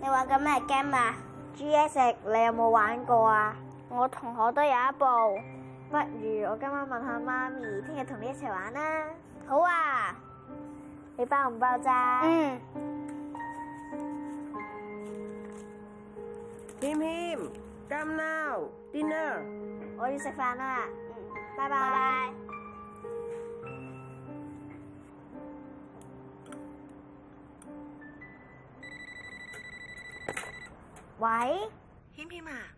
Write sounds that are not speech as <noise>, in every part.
你玩緊咩 game 啊？G S 你有冇玩過啊？我同學都有一部，不如我今晚問下媽咪，聽日同你一齊玩啦。好啊，你包唔包齋？嗯。Him Him，今晚 dinner，我要食飯啦。嗯，拜拜。 <music> 喂，Him Him 啊。 <music>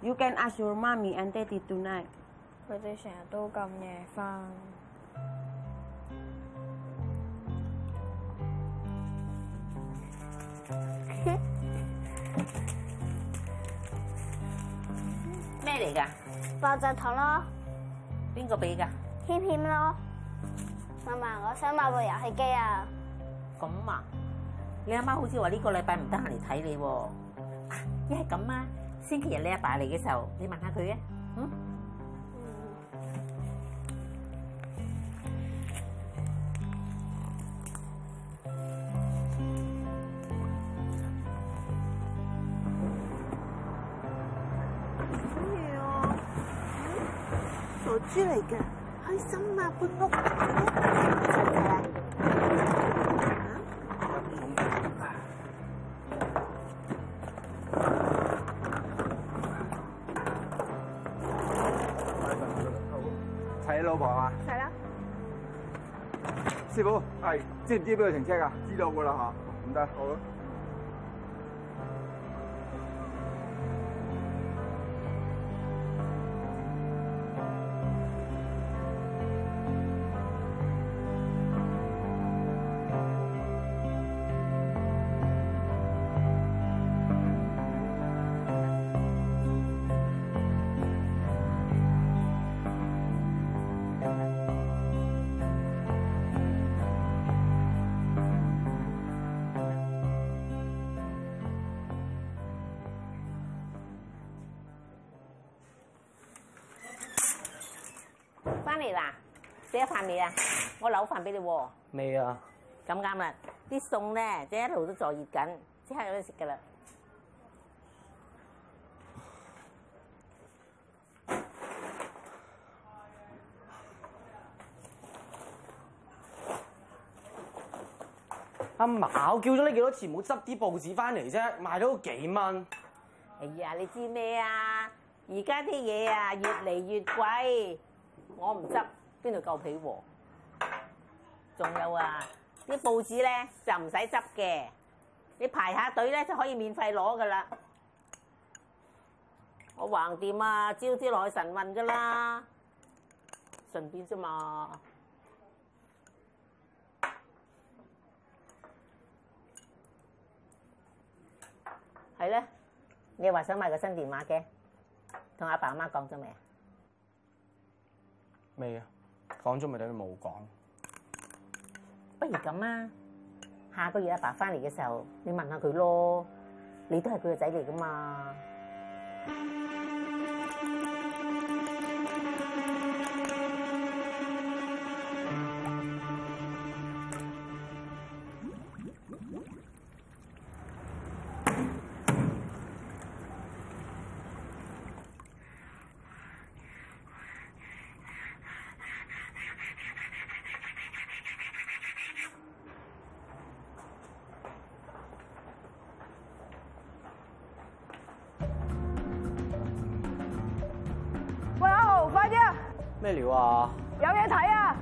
You can ask your mommy and daddy tonight. 佢哋成日都咁夜翻。咩嚟噶？爆炸糖咯。邊個俾噶？偏偏咯。媽媽，我想買部遊戲機啊。咁啊？你阿媽好似話呢個禮拜唔得閒嚟睇你喎。一係咁啊？啊就是星期日你阿爸嚟嘅時候，你問下佢啊，嗯？好嘢喎！傻豬嚟㗎，開心啊，搬屋。你老婆係嘛？係啦。師傅，係知唔知邊度停車㗎？知道噶啦吓，唔、啊、得，好啦。未啦，食咗飯未啊？我留飯俾你喎。未啊。咁啱啊！啲餸咧，即係一路都在熱緊，即刻有得食噶啦。阿嫲，我叫咗你幾多次，唔好執啲報紙翻嚟啫，賣咗幾蚊？哎呀，你知咩啊？而家啲嘢啊，越嚟越貴。我唔執，邊度夠皮喎啊？仲有啊，啲報紙咧就唔使執嘅，你排下隊咧就可以免費攞噶啦。我橫掂啊，朝朝落去晨運噶啦，順便啫嘛。係咧，你話想買個新電話嘅，同阿爸阿媽講咗未啊？咩啊，講咗咪等於冇講。不如咁啊，下個月阿爸翻嚟嘅時候，你問下佢咯。你都係佢嘅仔嚟㗎嘛。咩料啊，靜靜？有嘢睇啊！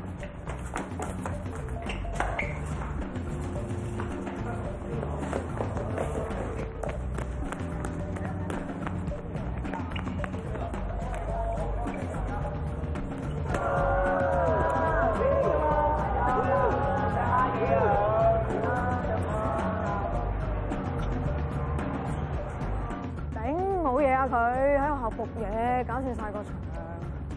頂，冇嘢啊！佢喺學校撲嘢，搞亂晒個場。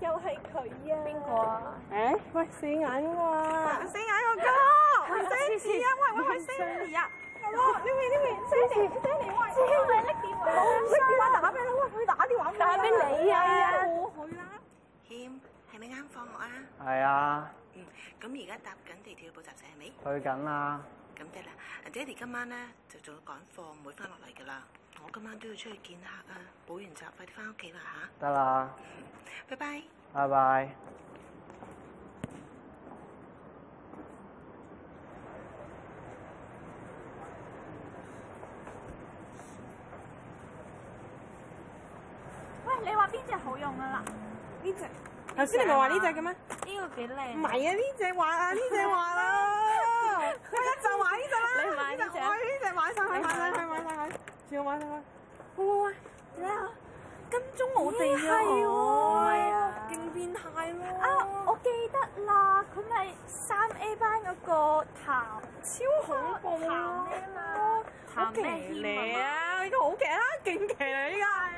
又係佢啊！邊個啊？誒，喂，死眼個，死眼個哥，星仔啊！喂，我係星仔啊！係咯，你咪你咪，星仔，星仔喂，你拎電話，拎電話打俾我啊！佢打電話，打俾你啊！我去啦。謙，係咪啱放學啊？係啊。嗯，咁而家搭緊地鐵去補習社係咪？去緊啦。咁得啦，阿爹哋今晚咧就做講課，唔會翻落嚟噶啦。我今晚都要出去見客啊！補完習快啲翻屋企啦吓！得啦，嗯，拜拜，拜拜。喂，你話邊隻好用噶啦？呢隻，頭先你咪係話呢隻嘅咩？呢個幾靚，唔係啊？呢隻畫啊，呢隻畫咯，喂、 <laughs> 啊， <laughs> 哎、就一陣買呢隻啦，買呢隻，我呢隻買上去，買上去買。 <laughs> <laughs> 喂喂喂，你啊，跟蹤我哋啊？唔係啊，勁變態咯！啊，我記得啦，佢咪三 A 班嗰個譚，超恐怖咯，譚咩啊？呢個好騎呢，勁騎呢呢個。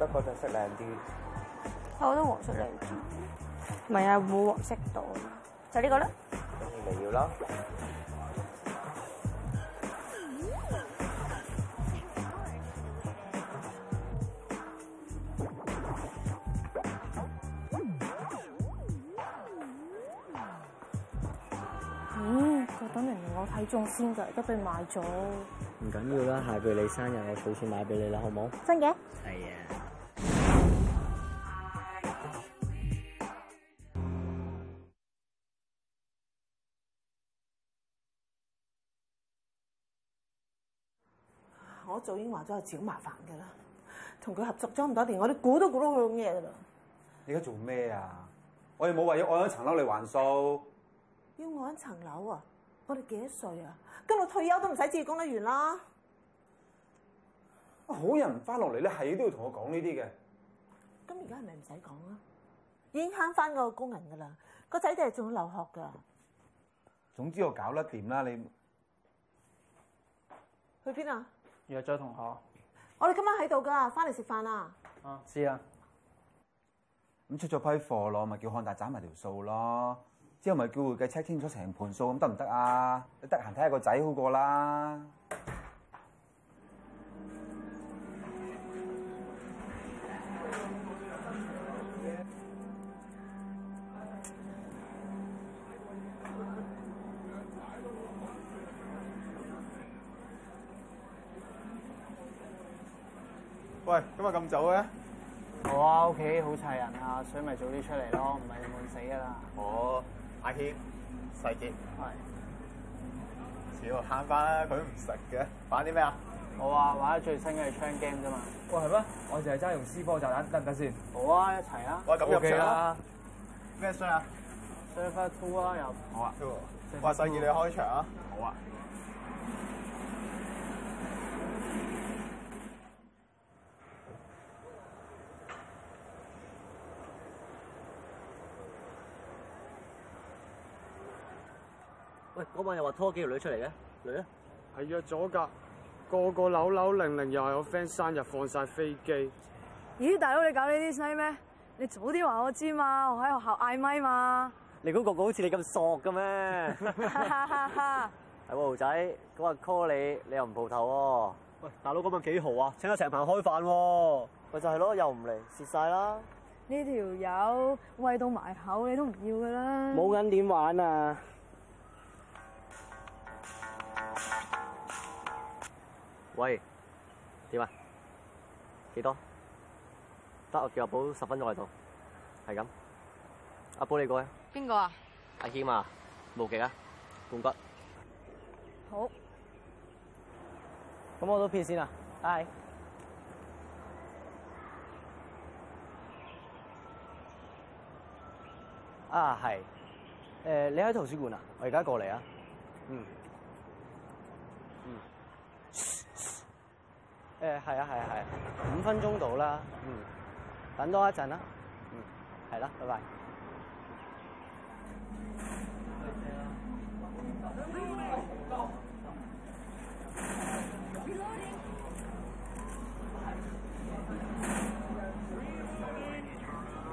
得嗰種色靚啲，我覺得黃色靚啲，唔係啊，冇黃色到，就呢個啦。中意咪要咯。嗯，我等明我睇中先噶，一併買咗。唔緊要啦，下個月你生日，我儲錢買俾你啦，好唔好？真嘅。係啊。早已經話咗係好麻煩嘅啦，同佢合作咗咁多年，我哋估都估到佢好嘢啦。你而家做咩啊？我哋冇話要按一層樓嚟還數，要按一層樓啊！我哋幾多歲啊？今日退休都唔使自己供得完啦。好人翻落嚟咧，你係都要同我講呢啲嘅。咁而家係咪唔使講啊？已經慳翻個工人噶啦，個仔哋仲要留學㗎。總之我搞得掂啦，你去邊啊？約咗同學，我哋今晚喺度噶，翻嚟食飯啦啊，知啦、啊。咁出咗批貨咯，咪叫漢達斬埋條數咯。之後咪叫會計 check 清楚成盤數，咁得唔得啊？你得閒睇下個仔好過啦。點解咁早嘅？Oh, okay, 好啊，屋企好齊人啊，所以咪早啲出嚟咯，唔係悶死噶啦。哦、oh,，阿謙，世杰，係、啊。屌慳翻啦，佢都唔食嘅。玩啲咩啊？好啊，玩啲最新嘅槍 game 啫嘛。喂，係咩？我淨係揸用 C 波就彈得唔得先？好啊，一齊啊。喂，咁入機啦！咩雙啊？雙發 two 啊又！好啊。哇世杰你開場啊！好啊。嗰晚又話拖幾條女出嚟嘅，嚟啊，係約咗噶個個扭扭零零，又話我 friend 生日放晒飛機。咦，大佬你搞呢啲咩？你早啲話我知嘛，我喺學校嗌咪嘛。你估哥哥好似你咁傻嘅咩？係 <laughs> 豪、 <laughs> <laughs> <laughs> <laughs> <laughs> 啊、仔，嗰日 call 你，你又唔蒲頭喎。喂，大佬今日幾豪啊？請得成棚開飯喎、啊，咪、 <laughs> 啊、就係、是、咯，又唔嚟，蝕晒啦。呢條友餵到埋口，你都唔要噶啦。冇銀點玩啊？喂，點啊？幾多？得，我叫阿寶十分鐘喺度。係咁。阿寶你過嚟。邊個啊？阿謙啊，無極啊，半骨。好，咁我都片先啦。係。啊係，誒、呃，你喺圖書館啊？我而家過嚟啊。嗯。誒、嗯、係啊係啊係、啊啊，五分鐘到啦，嗯，等多一陣啦，嗯，係啦、啊，拜拜。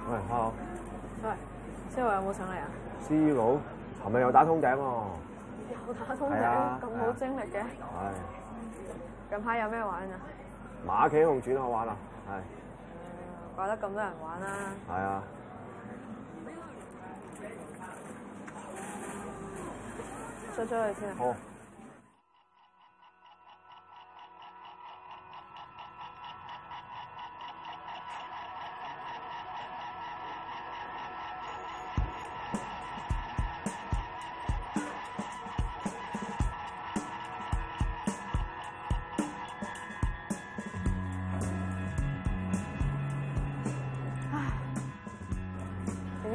喂，Hello。喂，C 羅有冇上嚟啊？C 羅，琴日又打通頂喎、啊。又打通頂，咁冇、啊、精力嘅。係。近排有咩玩，玩、嗯、玩啊？馬騎龍轉好玩啊，係。怪得咁多人玩啦。係啊。出出去先啦。好。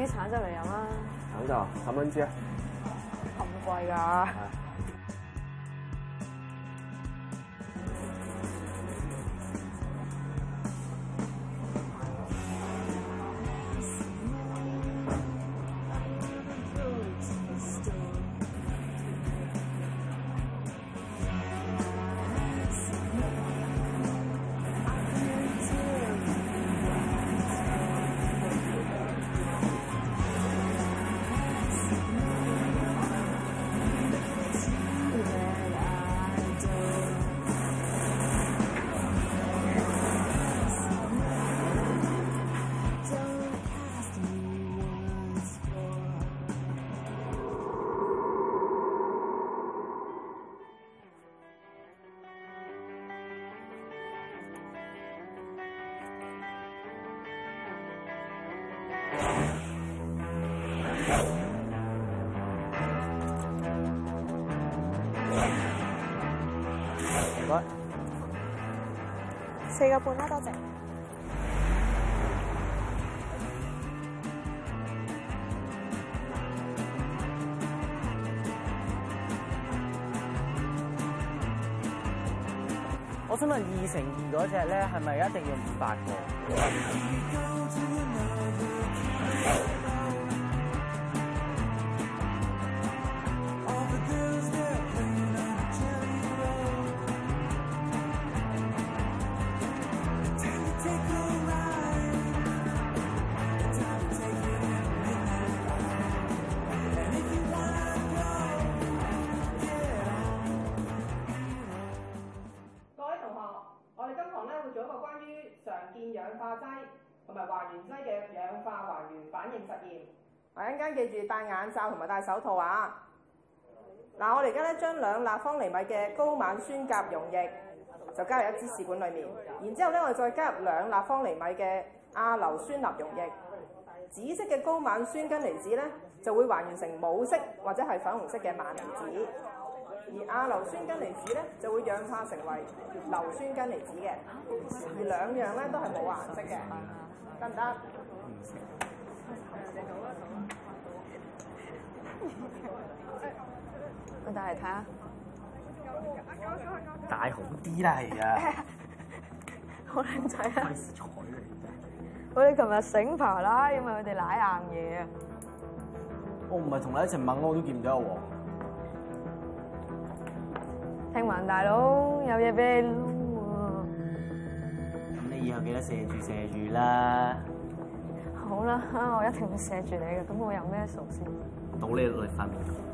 啲橙汁嚟飲啦，橙汁，十蚊紙啊，咁貴㗎？哎多隻，我想問二乘二嗰隻咧，係咪一定要五百個？反應實驗，我陣間記住戴眼罩同埋戴手套啊！嗱，我哋而家咧將兩立方厘米嘅高錳酸鉀溶液就加入一支試管裡面，然之後咧我哋再加入兩立方厘米嘅亞硫酸鈉溶液，紫色嘅高錳酸根離子咧就會還原成冇色或者係粉紅色嘅錳離子，而亞硫酸根離子咧就會氧化成為硫酸根離子嘅，而兩樣咧都係冇顏色嘅，得唔得？行帶嚟睇下，大好啲啦，係啊，好靚仔啊！我哋琴日醒爬啦，因為佢哋奶硬嘢啊。我唔係同你一齊猛咯，我都見唔到阿黃。聽聞大佬有嘢俾你撈啊！咁你以後記得射住射住啦。好啦、啊，我一定會錫住你嘅。咁我有咩數先？到倒你嚟發面。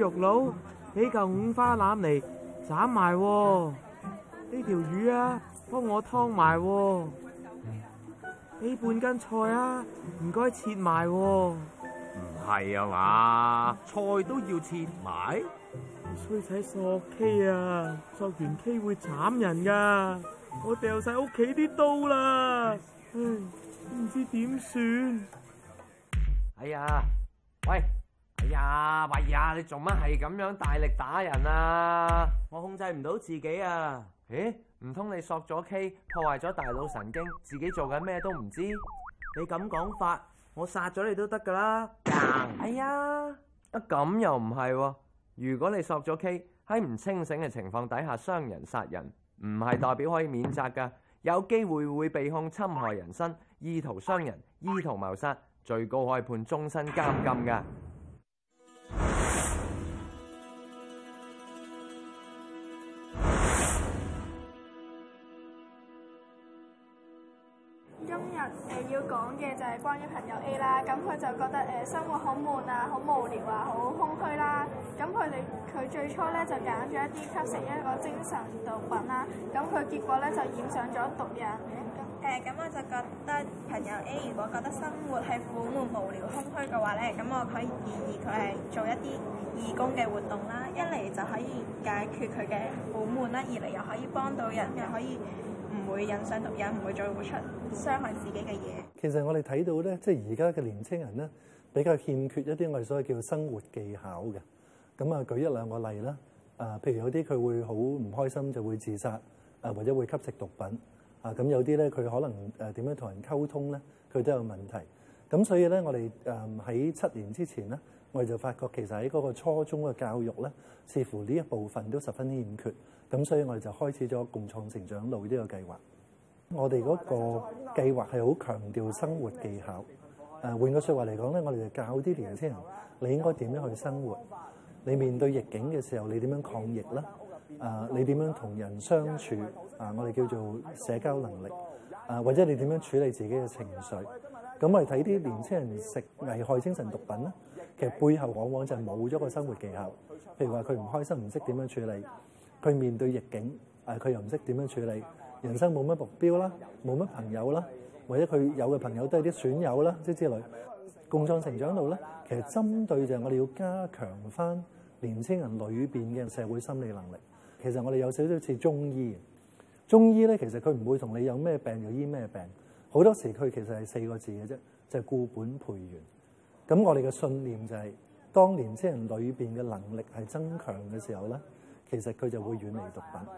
肉佬，俾嚿五花腩嚟斬埋，呢條魚啊，幫我劏埋，俾半斤菜啊，唔該切埋，唔係啊嘛，菜都要切埋，衰仔索 K 啊，索完 K 會斬人㗎，我掉晒屋企啲刀啦，唉，唔知點算，哎呀，喂。哎呀，喂呀，你做乜係咁樣大力打人啊？我控制唔到自己啊！咦、欸，唔通你索咗 K 破壞咗大腦神經，自己做緊咩都唔知？你咁講法，我殺咗你都得噶啦？哎呀、咁、啊、又唔係、啊。如果你索咗 K 喺唔清醒嘅情況底下傷人殺人，唔係代表可以免責噶，有機會會被控侵害人身、意圖傷人、意圖謀殺，最高可以判終身監禁噶。關於朋友 A 啦，咁佢就覺得誒、呃、生活好悶啊，好無聊啊，好空虛啦。咁佢哋佢最初咧就揀咗一啲吸食一個精神毒品啦。咁佢結果咧就染上咗毒癮。誒、呃、咁我就覺得朋友 A 如果覺得生活係苦悶、無聊、空虛嘅話咧，咁我可以建議佢係做一啲義工嘅活動啦。一嚟就可以解決佢嘅苦悶啦，二嚟又可以幫到人，又可以唔會引上毒癮，唔會再做出傷害自己嘅嘢。其實我哋睇到咧，即係而家嘅年青人咧，比較欠缺一啲我哋所謂叫生活技巧嘅。咁啊，舉一兩個例啦。啊、呃，譬如有啲佢會好唔開心就會自殺，啊、呃、或者會吸食毒品。啊咁有啲咧佢可能誒點、呃、樣同人溝通咧，佢都有問題。咁所以咧我哋誒喺七年之前咧，我哋就發覺其實喺嗰個初中嘅教育咧，似乎呢一部分都十分欠缺。咁所以我哋就開始咗共創成長路呢個計劃。我哋嗰個計劃係好強調生活技巧。誒，換個說話嚟講咧，我哋就教啲年青人，你應該點樣去生活？你面對逆境嘅時候，你點樣抗疫抗逆啦？誒，你點樣同人相處？啊，我哋叫做社交能力。誒，或者你點樣處理自己嘅情緒？咁我哋睇啲年青人食危害精神毒品咧，其實背後往往就係冇咗個生活技巧。譬如話佢唔開心，唔識點樣處理；佢面對逆境，誒，佢又唔識點樣處理。人生冇乜目標啦，冇乜朋友啦，或者佢有嘅朋友都係啲損友啦，即之類。共創成長路咧，其實針對就係我哋要加強翻年青人裏邊嘅社會心理能力。其實我哋有少少似中醫，中醫咧其實佢唔會同你有咩病就醫咩病，好多時佢其實係四個字嘅啫，就係固本培元。咁我哋嘅信念就係，當年青人裏邊嘅能力係增強嘅時候咧，其實佢就會遠離毒品。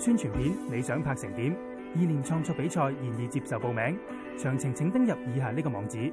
宣傳片你想拍成點？意念創作比賽現已接受報名，詳情請登入以下呢個網址。